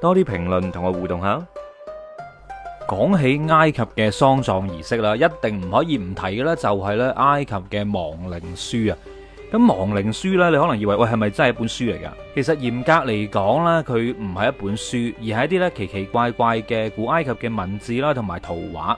多啲評論同我互動下。講起埃及嘅喪葬儀式啦，一定唔可以唔提嘅咧，就係咧埃及嘅亡靈書啊。咁亡靈書呢，你可能以為喂係咪真係一本書嚟噶？其實嚴格嚟講呢，佢唔係一本書，而係一啲咧奇奇怪怪嘅古埃及嘅文字啦，同埋圖畫。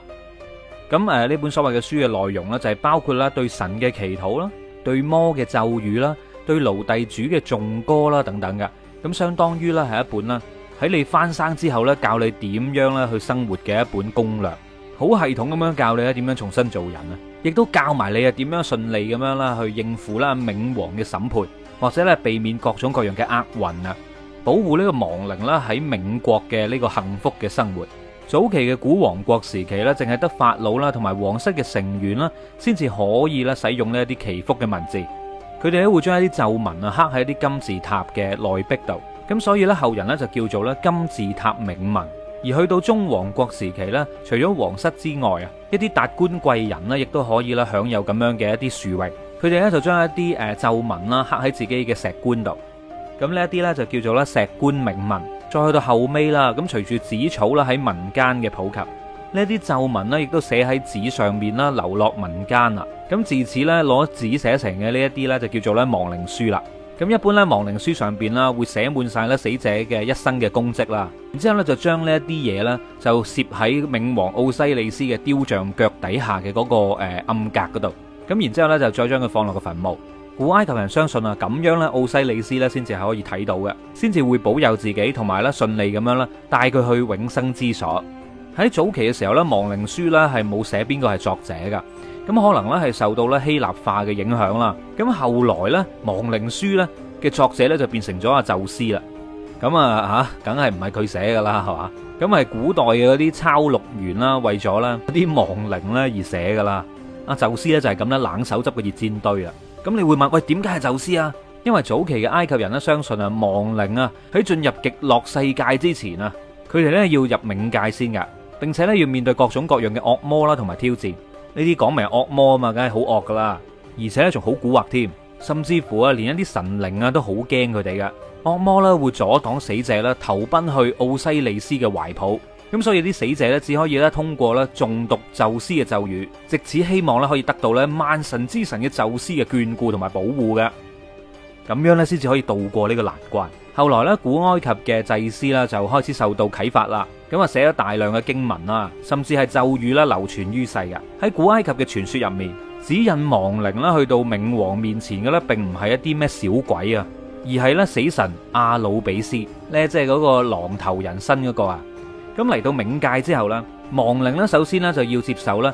咁誒，呢本所謂嘅書嘅內容呢，就係包括咧對神嘅祈禱啦，對魔嘅咒語啦，對奴隸主嘅頌歌啦等等嘅。咁相當於咧係一本啦。喺你翻生之後咧，教你點樣咧去生活嘅一本攻略，好系統咁樣教你咧點樣重新做人啊！亦都教埋你啊點樣順利咁樣啦去應付啦冥王嘅審判，或者咧避免各種各樣嘅厄運啊，保護呢個亡靈啦喺冥國嘅呢個幸福嘅生活。早期嘅古王國時期咧，淨係得法老啦同埋皇室嘅成員啦，先至可以啦使用呢一啲祈福嘅文字，佢哋咧會將一啲咒文啊刻喺啲金字塔嘅內壁度。咁所以咧，後人咧就叫做咧金字塔銘文。而去到中王國時期咧，除咗皇室之外啊，一啲達官貴人呢亦都可以咧享有咁樣嘅一啲殊榮。佢哋咧就將一啲誒咒文啦刻喺自己嘅石棺度。咁呢一啲咧就叫做咧石棺銘文。再去到後尾啦，咁隨住紙草啦喺民間嘅普及，呢一啲咒文呢亦都寫喺紙上面啦，流落民間啦。咁自此咧攞紙寫成嘅呢一啲咧就叫做咧亡靈書啦。咁一般咧，亡靈書上邊啦，會寫滿晒咧死者嘅一生嘅功績啦。然之後咧，就將呢一啲嘢咧，就攝喺冥王奧西里斯嘅雕像腳底下嘅嗰個誒暗格嗰度。咁然之後咧，就再將佢放落個墳墓。古埃及人相信啊，咁樣咧，奧西里斯咧，先至係可以睇到嘅，先至會保佑自己，同埋咧順利咁樣咧，帶佢去永生之所。喺早期嘅時候咧，亡靈書咧係冇寫邊個係作者噶。咁可能咧係受到咧希臘化嘅影響啦。咁後來咧亡靈書咧嘅作者咧就變成咗阿宙斯啦。咁啊吓，梗係唔係佢寫噶啦，係嘛？咁係古代嘅嗰啲抄錄員啦，為咗咧啲亡靈咧而寫噶啦。阿宙斯咧就係咁啦，冷手執個熱煎堆啦。咁你會問喂，點解係宙斯啊？因為早期嘅埃及人咧相信啊亡靈啊喺進入極樂世界之前啊，佢哋咧要入冥界先噶，並且咧要面對各種各樣嘅惡魔啦同埋挑戰。呢啲講明係惡魔啊嘛，梗係好惡噶啦，而且咧仲好蠱惑添，甚至乎啊連一啲神靈啊都好驚佢哋嘅惡魔啦，會阻擋死者啦投奔去奧西利斯嘅懷抱，咁所以啲死者咧只可以咧通過咧誦讀宙斯嘅咒語，借此希望咧可以得到咧萬神之神嘅宙斯嘅眷顧同埋保護嘅，咁樣咧先至可以渡過呢個難關。後來咧，古埃及嘅祭司啦就開始受到啟發啦，咁啊寫咗大量嘅經文啦，甚至係咒語啦流傳於世嘅。喺古埃及嘅傳說入面，指引亡靈啦去到冥王面前嘅咧，並唔係一啲咩小鬼啊，而係咧死神阿努比斯咧，即係嗰個狼頭人身嗰個啊。咁嚟到冥界之後啦，亡靈咧首先呢就要接受啦。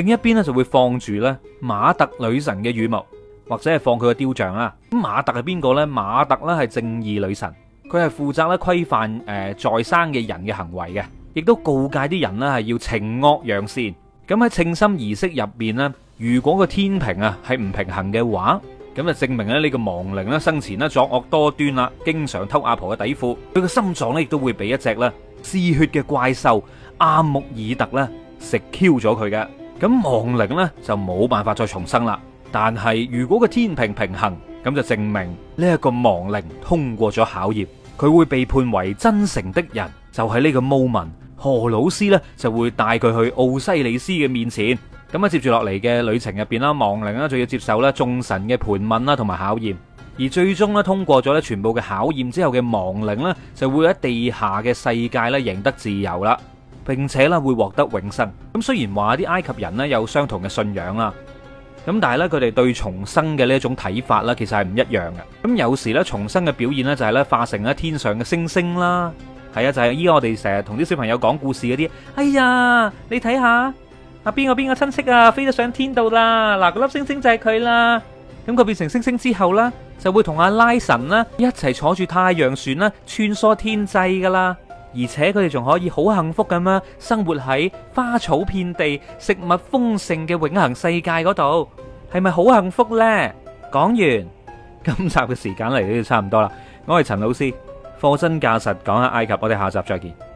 另一邊咧就會放住咧馬特女神嘅羽毛，或者係放佢個雕像啊。咁馬特係邊個咧？馬特咧係正義女神，佢係負責咧規範誒在生嘅人嘅行為嘅，亦都告誡啲人咧係要懲惡揚善。咁喺稱心儀式入邊咧，如果個天平啊係唔平衡嘅話，咁就證明咧呢個亡靈咧生前咧作惡多端啦，經常偷阿婆嘅底褲，佢個心臟咧亦都會俾一隻咧嗜血嘅怪獸阿木爾特咧食 Q 咗佢嘅。咁亡靈呢就冇辦法再重生啦。但係如果個天平平衡，咁就證明呢一個亡靈通過咗考驗，佢會被判為真誠的人，就喺呢個 moment 何老師呢就會帶佢去奧西里斯嘅面前。咁啊，接住落嚟嘅旅程入邊啦，亡靈呢就要接受咧眾神嘅盤問啦，同埋考驗。而最終呢，通過咗呢全部嘅考驗之後嘅亡靈呢，就會喺地下嘅世界咧贏得自由啦。並且咧會獲得永生。咁雖然話啲埃及人咧有相同嘅信仰啦，咁但係咧佢哋對重生嘅呢一種睇法啦，其實係唔一樣嘅。咁有時咧重生嘅表現咧就係咧化成咧天上嘅星星啦。係啊，就係依家我哋成日同啲小朋友講故事嗰啲。哎呀，你睇下阿邊個邊個親戚啊，飛到上天度啦。嗱，粒星星就係佢啦。咁佢變成星星之後啦，就會同阿拉神啦一齊坐住太陽船啦，穿梭天際噶啦。而且佢哋仲可以好幸福咁樣，生活喺花草遍地、食物豐盛嘅永恒世界嗰度，係咪好幸福咧？講完，今集嘅時間嚟到就差唔多啦，我係陳老師，貨真價實講下埃及，我哋下集再見。